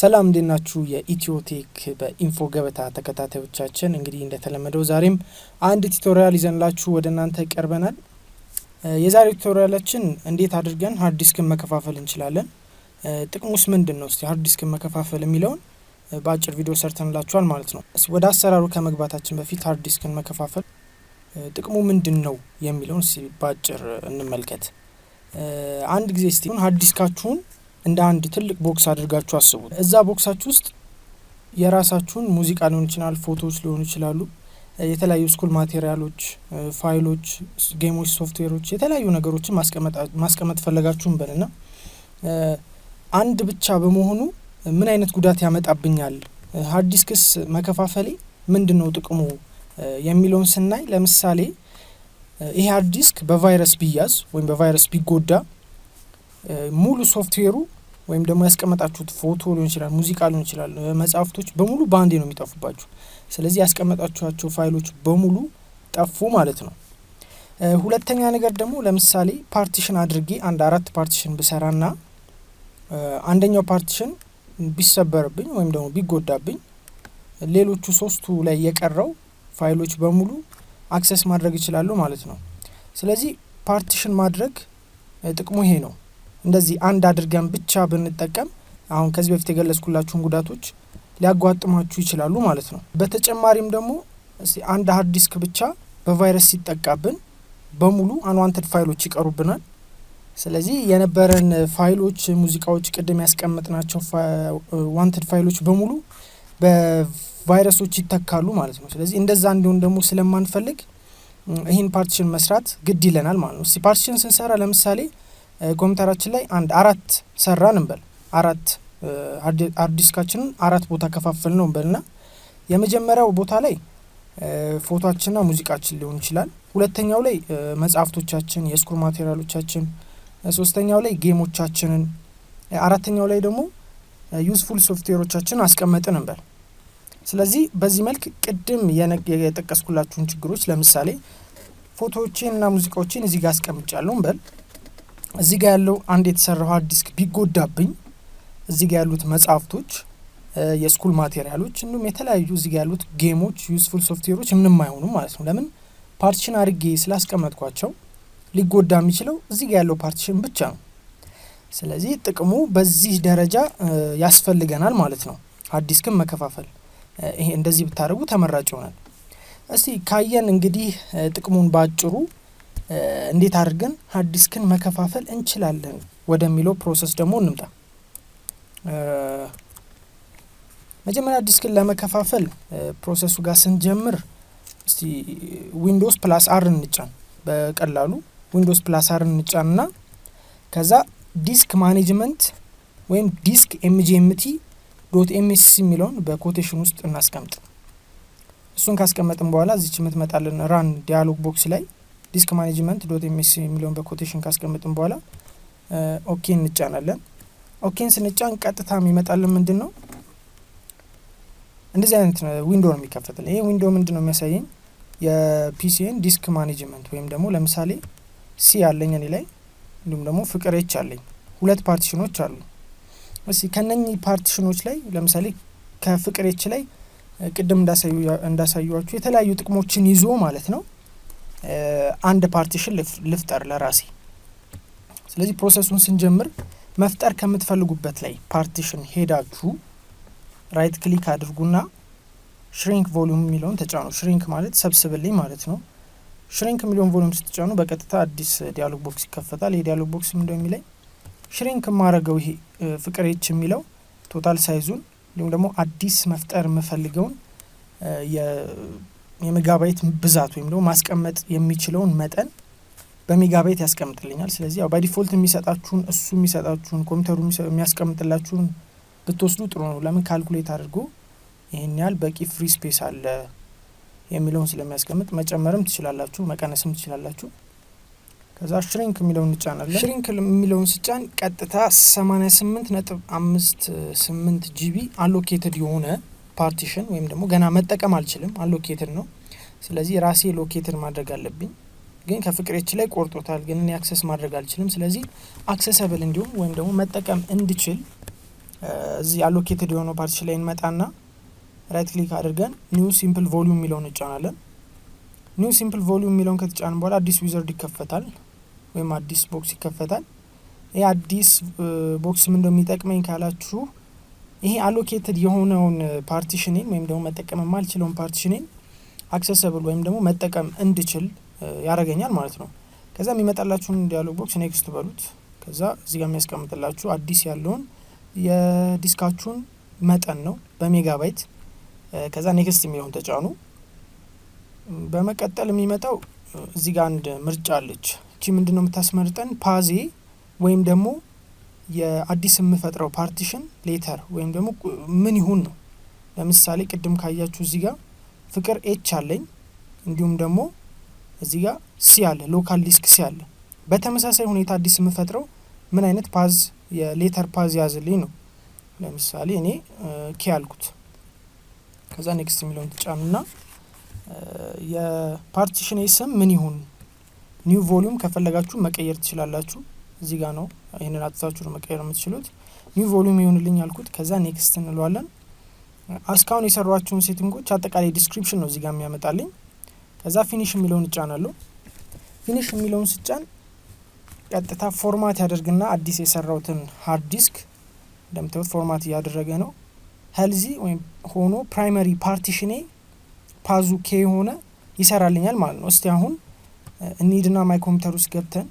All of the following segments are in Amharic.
ሰላም እንዴት ናችሁ? የኢትዮቴክ በኢንፎ ገበታ ተከታታዮቻችን እንግዲህ እንደተለመደው ዛሬም አንድ ቱቶሪያል ይዘንላችሁ ወደ እናንተ ቀርበናል። የዛሬው ቱቶሪያላችን እንዴት አድርገን ሀርድ ዲስክን መከፋፈል እንችላለን፣ ጥቅሙስ ምንድን ነው፣ እስቲ ሀርድ ዲስክን መከፋፈል የሚለውን በአጭር ቪዲዮ ሰርተንላችኋል ማለት ነው። ወደ አሰራሩ ከመግባታችን በፊት ሀርድ ዲስክን መከፋፈል ጥቅሙ ምንድን ነው የሚለውን በአጭር እንመልከት። አንድ ጊዜ ስ ሀርድ ዲስካችሁን እንደ አንድ ትልቅ ቦክስ አድርጋችሁ አስቡት። እዛ ቦክሳችሁ ውስጥ የራሳችሁን ሙዚቃ ሊሆን ይችላል፣ ፎቶዎች ሊሆኑ ይችላሉ፣ የተለያዩ ስኩል ማቴሪያሎች፣ ፋይሎች፣ ጌሞች፣ ሶፍትዌሮች፣ የተለያዩ ነገሮችን ማስቀመጥ ፈለጋችሁም በልና አንድ ብቻ በመሆኑ ምን አይነት ጉዳት ያመጣብኛል፣ ሀርድ ዲስክስ መከፋፈሌ ምንድን ነው ጥቅሙ የሚለውን ስናይ፣ ለምሳሌ ይሄ ሀርድ ዲስክ በቫይረስ ቢያዝ ወይም በቫይረስ ቢጎዳ ሙሉ ሶፍትዌሩ ወይም ደግሞ ያስቀመጣችሁት ፎቶ ሊሆን ይችላል፣ ሙዚቃ ሊሆን ይችላል፣ መጽሐፍቶች በሙሉ በአንዴ ነው የሚጠፉባችሁ። ስለዚህ ያስቀመጣችኋቸው ፋይሎች በሙሉ ጠፉ ማለት ነው። ሁለተኛ ነገር ደግሞ ለምሳሌ ፓርቲሽን አድርጌ አንድ አራት ፓርቲሽን ብሰራና አንደኛው ፓርቲሽን ቢሰበርብኝ ወይም ደግሞ ቢጎዳብኝ ሌሎቹ ሶስቱ ላይ የቀረው ፋይሎች በሙሉ አክሰስ ማድረግ ይችላሉ ማለት ነው። ስለዚህ ፓርቲሽን ማድረግ ጥቅሙ ይሄ ነው። እንደዚህ አንድ አድርገን ብቻ ብንጠቀም አሁን ከዚህ በፊት የገለጽኩላችሁን ጉዳቶች ሊያጓጥማችሁ ይችላሉ ማለት ነው። በተጨማሪም ደግሞ አንድ ሀርድ ዲስክ ብቻ በቫይረስ ሲጠቃብን በሙሉ አንዋንትድ ፋይሎች ይቀሩብናል። ስለዚህ የነበረን ፋይሎች፣ ሙዚቃዎች፣ ቅድም ያስቀመጥናቸው ዋንትድ ፋይሎች በሙሉ በቫይረሶች ይተካሉ ማለት ነው። ስለዚህ እንደዛ እንዲሆን ደግሞ ስለማንፈልግ ይህን ፓርቲሽን መስራት ግድ ይለናል ማለት ነው። ፓርቲሽን ስንሰራ ለምሳሌ ኮምፒውተራችን ላይ አንድ አራት ሰራን እንበል አራት ሃርድ አራት ቦታ ከፋፈል ነው እንበልና የመጀመሪያው ቦታ ላይ ፎቶችንና ሙዚቃችን ሊሆን ይችላል። ሁለተኛው ላይ መጽሐፍቶቻችን፣ የስኩል ማቴሪያሎቻችን፣ ሶስተኛው ላይ ጌሞቻችንን፣ አራተኛው ላይ ደግሞ ዩዝፉል ሶፍትዌሮቻችን አስቀመጥን እንበል። ስለዚህ በዚህ መልክ ቅድም የጠቀስኩላችሁን ችግሮች ለምሳሌ ፎቶዎቼንና ሙዚቃዎቼን እዚህ ጋር አስቀምጫለሁ እንበል። እዚህ ጋር ያለው አንድ የተሰራው ሀርድ ዲስክ ቢጎዳብኝ እዚህ ጋር ያሉት መጽሐፍቶች፣ የስኩል ማቴሪያሎች እንዲሁም የተለያዩ እዚህ ጋር ያሉት ጌሞች፣ ዩስፉል ሶፍትዌሮች ምንም አይሆኑም ማለት ነው። ለምን ፓርቲሽን አድርጌ ስላስቀመጥኳቸው ሊጎዳ የሚችለው እዚህ ጋር ያለው ፓርቲሽን ብቻ ነው። ስለዚህ ጥቅሙ በዚህ ደረጃ ያስፈልገናል ማለት ነው። ሀርድ ዲስክን መከፋፈል ይሄ እንደዚህ ብታደርጉ ተመራጭ ይሆናል። እስቲ ካየን እንግዲህ ጥቅሙን ባጭሩ እንዴት አድርገን ሀርድ ዲስክን መከፋፈል እንችላለን ወደሚለው ፕሮሰስ ደግሞ እንምጣ። መጀመሪያ ዲስክን ለመከፋፈል ፕሮሰሱ ጋር ስንጀምር እስቲ ዊንዶውስ ፕላስ አር እንጫን። በቀላሉ ዊንዶውስ ፕላስ አር እንጫን ና ከዛ ዲስክ ማኔጅመንት ወይም ዲስክ ኤምጂኤምቲ ዶት ኤምኤስ የሚለውን በኮቴሽን ውስጥ እናስቀምጥ። እሱን ካስቀመጥን በኋላ እዚች የምትመጣልን ራን ዲያሎግ ቦክስ ላይ ዲስክ ማኔጅመንት ዶት ኤምኤስ የሚለውን በኮቴሽን ካስቀምጥን በኋላ ኦኬ እንጫናለን። ኦኬን ስንጫን ቀጥታ የሚመጣልን ምንድን ነው? እንደዚህ አይነት ዊንዶው ነው የሚከፈትልን። ይህ ዊንዶ ምንድን ነው የሚያሳየኝ? የፒሲን ዲስክ ማኔጅመንት ወይም ደግሞ ለምሳሌ ሲ አለኝ እኔ ላይ እንዲሁም ደግሞ ፍቅር ኤች አለኝ። ሁለት ፓርቲሽኖች አሉ። እስ ከነኚህ ፓርቲሽኖች ላይ ለምሳሌ ከፍቅር ኤች ላይ ቅድም እንዳሳዩዋችሁ የተለያዩ ጥቅሞችን ይዞ ማለት ነው አንድ ፓርቲሽን ልፍጠር ለራሴ። ስለዚህ ፕሮሰሱን ስንጀምር መፍጠር ከምትፈልጉበት ላይ ፓርቲሽን ሄዳችሁ ራይት ክሊክ አድርጉና ሽሪንክ ቮሊዩም የሚለውን ተጫኑ። ሽሪንክ ማለት ሰብስብልኝ ማለት ነው። ሽሪንክ የሚለውን ቮሊዩም ስትጫኑ በቀጥታ አዲስ ዲያሎግ ቦክስ ይከፈታል። ይህ ዲያሎግ ቦክስ ምንደ የሚለኝ ሽሪንክ የማረገው ይሄ ፍቅሬች የሚለው ቶታል ሳይዙን እንዲሁም ደግሞ አዲስ መፍጠር የምፈልገውን የሜጋባይት ብዛት ወይም ደግሞ ማስቀመጥ የሚችለውን መጠን በሜጋባይት ያስቀምጥልኛል። ስለዚህ ያው ባይዲፎልት የሚሰጣችሁን እሱ የሚሰጣችሁን ኮምፒውተሩ የሚያስቀምጥላችሁን ብትወስዱ ጥሩ ነው። ለምን ካልኩሌት አድርጎ ይህን ያህል በቂ ፍሪ ስፔስ አለ የሚለውን ስለሚያስቀምጥ መጨመርም ትችላላችሁ፣ መቀነስም ትችላላችሁ። ከዛ ሽሪንክ የሚለውን እንጫናለን። ሽሪንክ የሚለውን ስጫን ቀጥታ 8 ነጥብ አምስት ስምንት ጂቢ አሎኬትድ የሆነ ፓርቲሽን ወይም ደግሞ ገና መጠቀም አልችልም። አሎኬትድ ነው። ስለዚህ ራሴ ሎኬትድ ማድረግ አለብኝ። ግን ከፍቅሬች ላይ ቆርጦታል። ግን እኔ አክሰስ ማድረግ አልችልም። ስለዚህ አክሰሰብል እንዲሁም ወይም ደግሞ መጠቀም እንድችል እዚህ አሎኬትድ የሆነው ፓርቲሽን ላይ እንመጣና ራይት ክሊክ አድርገን ኒው ሲምፕል ቮሊዩም የሚለውን እንጫናለን። ኒው ሲምፕል ቮሊዩም የሚለውን ከተጫን በኋላ አዲስ ዊዘርድ ይከፈታል ወይም አዲስ ቦክስ ይከፈታል። ይህ አዲስ ቦክስ ምን የሚጠቅመኝ ካላችሁ ይሄ አሎኬትድ የሆነውን ፓርቲሽኔን uh, ወይም ደግሞ መጠቀም የማልችለውን ፓርቲሽኔን አክሰሰብል ወይም ደግሞ መጠቀም እንድችል uh, ያደርገኛል ማለት ነው። ከዛ የሚመጣላችሁን ዲያሎግ ቦክስ ኔክስት በሉት። ከዛ እዚህ የሚያስቀምጥላችሁ አዲስ ያለውን የዲስካችሁን መጠን ነው በሜጋባይት። uh, ከዛ ኔክስት የሚለውን ተጫኑ። በመቀጠል የሚመጣው እዚጋ አንድ ምርጫ አለች። እቺ ምንድን ነው የምታስመርጠን ፓዜ ወይም ደግሞ የአዲስ የምፈጥረው ፓርቲሽን ሌተር ወይም ደግሞ ምን ይሁን ነው። ለምሳሌ ቅድም ካያችሁ እዚህ ጋር ፍቅር ኤች አለኝ እንዲሁም ደግሞ እዚህ ጋር ሲ አለ ሎካል ዲስክ ሲ አለ። በተመሳሳይ ሁኔታ አዲስ የምፈጥረው ምን አይነት ፓዝ የሌተር ፓዝ ያዝልኝ ነው። ለምሳሌ እኔ ኪ አልኩት ከዛ ኔክስት የሚለውን ትጫንና የፓርቲሽን ስም ምን ይሁን ኒው ቮሊዩም ከፈለጋችሁ መቀየር ትችላላችሁ። እዚህ ጋር ነው። ይህንን አጥታችሁ ነው መቀየር የምትችሉት። ኒው ቮሉም ይሆንልኝ ያልኩት፣ ከዛ ኔክስት እንለዋለን። እስካሁን የሰሯችሁን ሴቲንጎች አጠቃላይ ዲስክሪፕሽን ነው እዚህ ጋር የሚያመጣልኝ። ከዛ ፊኒሽ የሚለውን እጫናለሁ። ፊኒሽ የሚለውን ስጫን ቀጥታ ፎርማት ያደርግና አዲስ የሰራውትን ሀርድ ዲስክ እንደምታዩት ፎርማት እያደረገ ነው። ሄልዚ ወይም ሆኖ ፕራይመሪ ፓርቲሽኔ ፓዙ ኬ የሆነ ይሰራልኛል ማለት ነው። እስቲ አሁን እንሂድና ማይ ኮምፒውተር ውስጥ ገብተን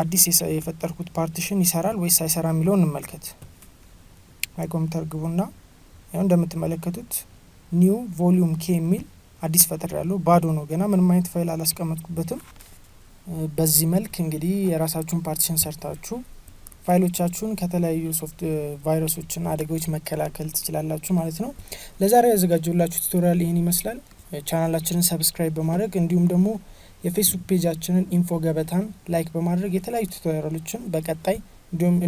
አዲስ የፈጠርኩት ፓርቲሽን ይሰራል ወይስ አይሰራ የሚለው እንመልከት። ማይ ኮምፒውተር ግቡና ያው እንደምትመለከቱት ኒው ቮሊዩም ኬ የሚል አዲስ ፈጠር ያለው ባዶ ነው። ገና ምንም አይነት ፋይል አላስቀመጥኩበትም። በዚህ መልክ እንግዲህ የራሳችሁን ፓርቲሽን ሰርታችሁ ፋይሎቻችሁን ከተለያዩ ሶፍት ቫይረሶችና አደጋዎች መከላከል ትችላላችሁ ማለት ነው። ለዛሬ ያዘጋጀላችሁ ቱቶሪያል ይህን ይመስላል። ቻናላችንን ሰብስክራይብ በማድረግ እንዲሁም ደግሞ የፌስቡክ ፔጃችንን ኢንፎ ገበታን ላይክ በማድረግ የተለያዩ ቱቶሪያሎችን በቀጣይ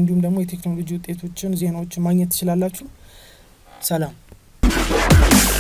እንዲሁም ደግሞ የቴክኖሎጂ ውጤቶችን፣ ዜናዎችን ማግኘት ትችላላችሁ። ሰላም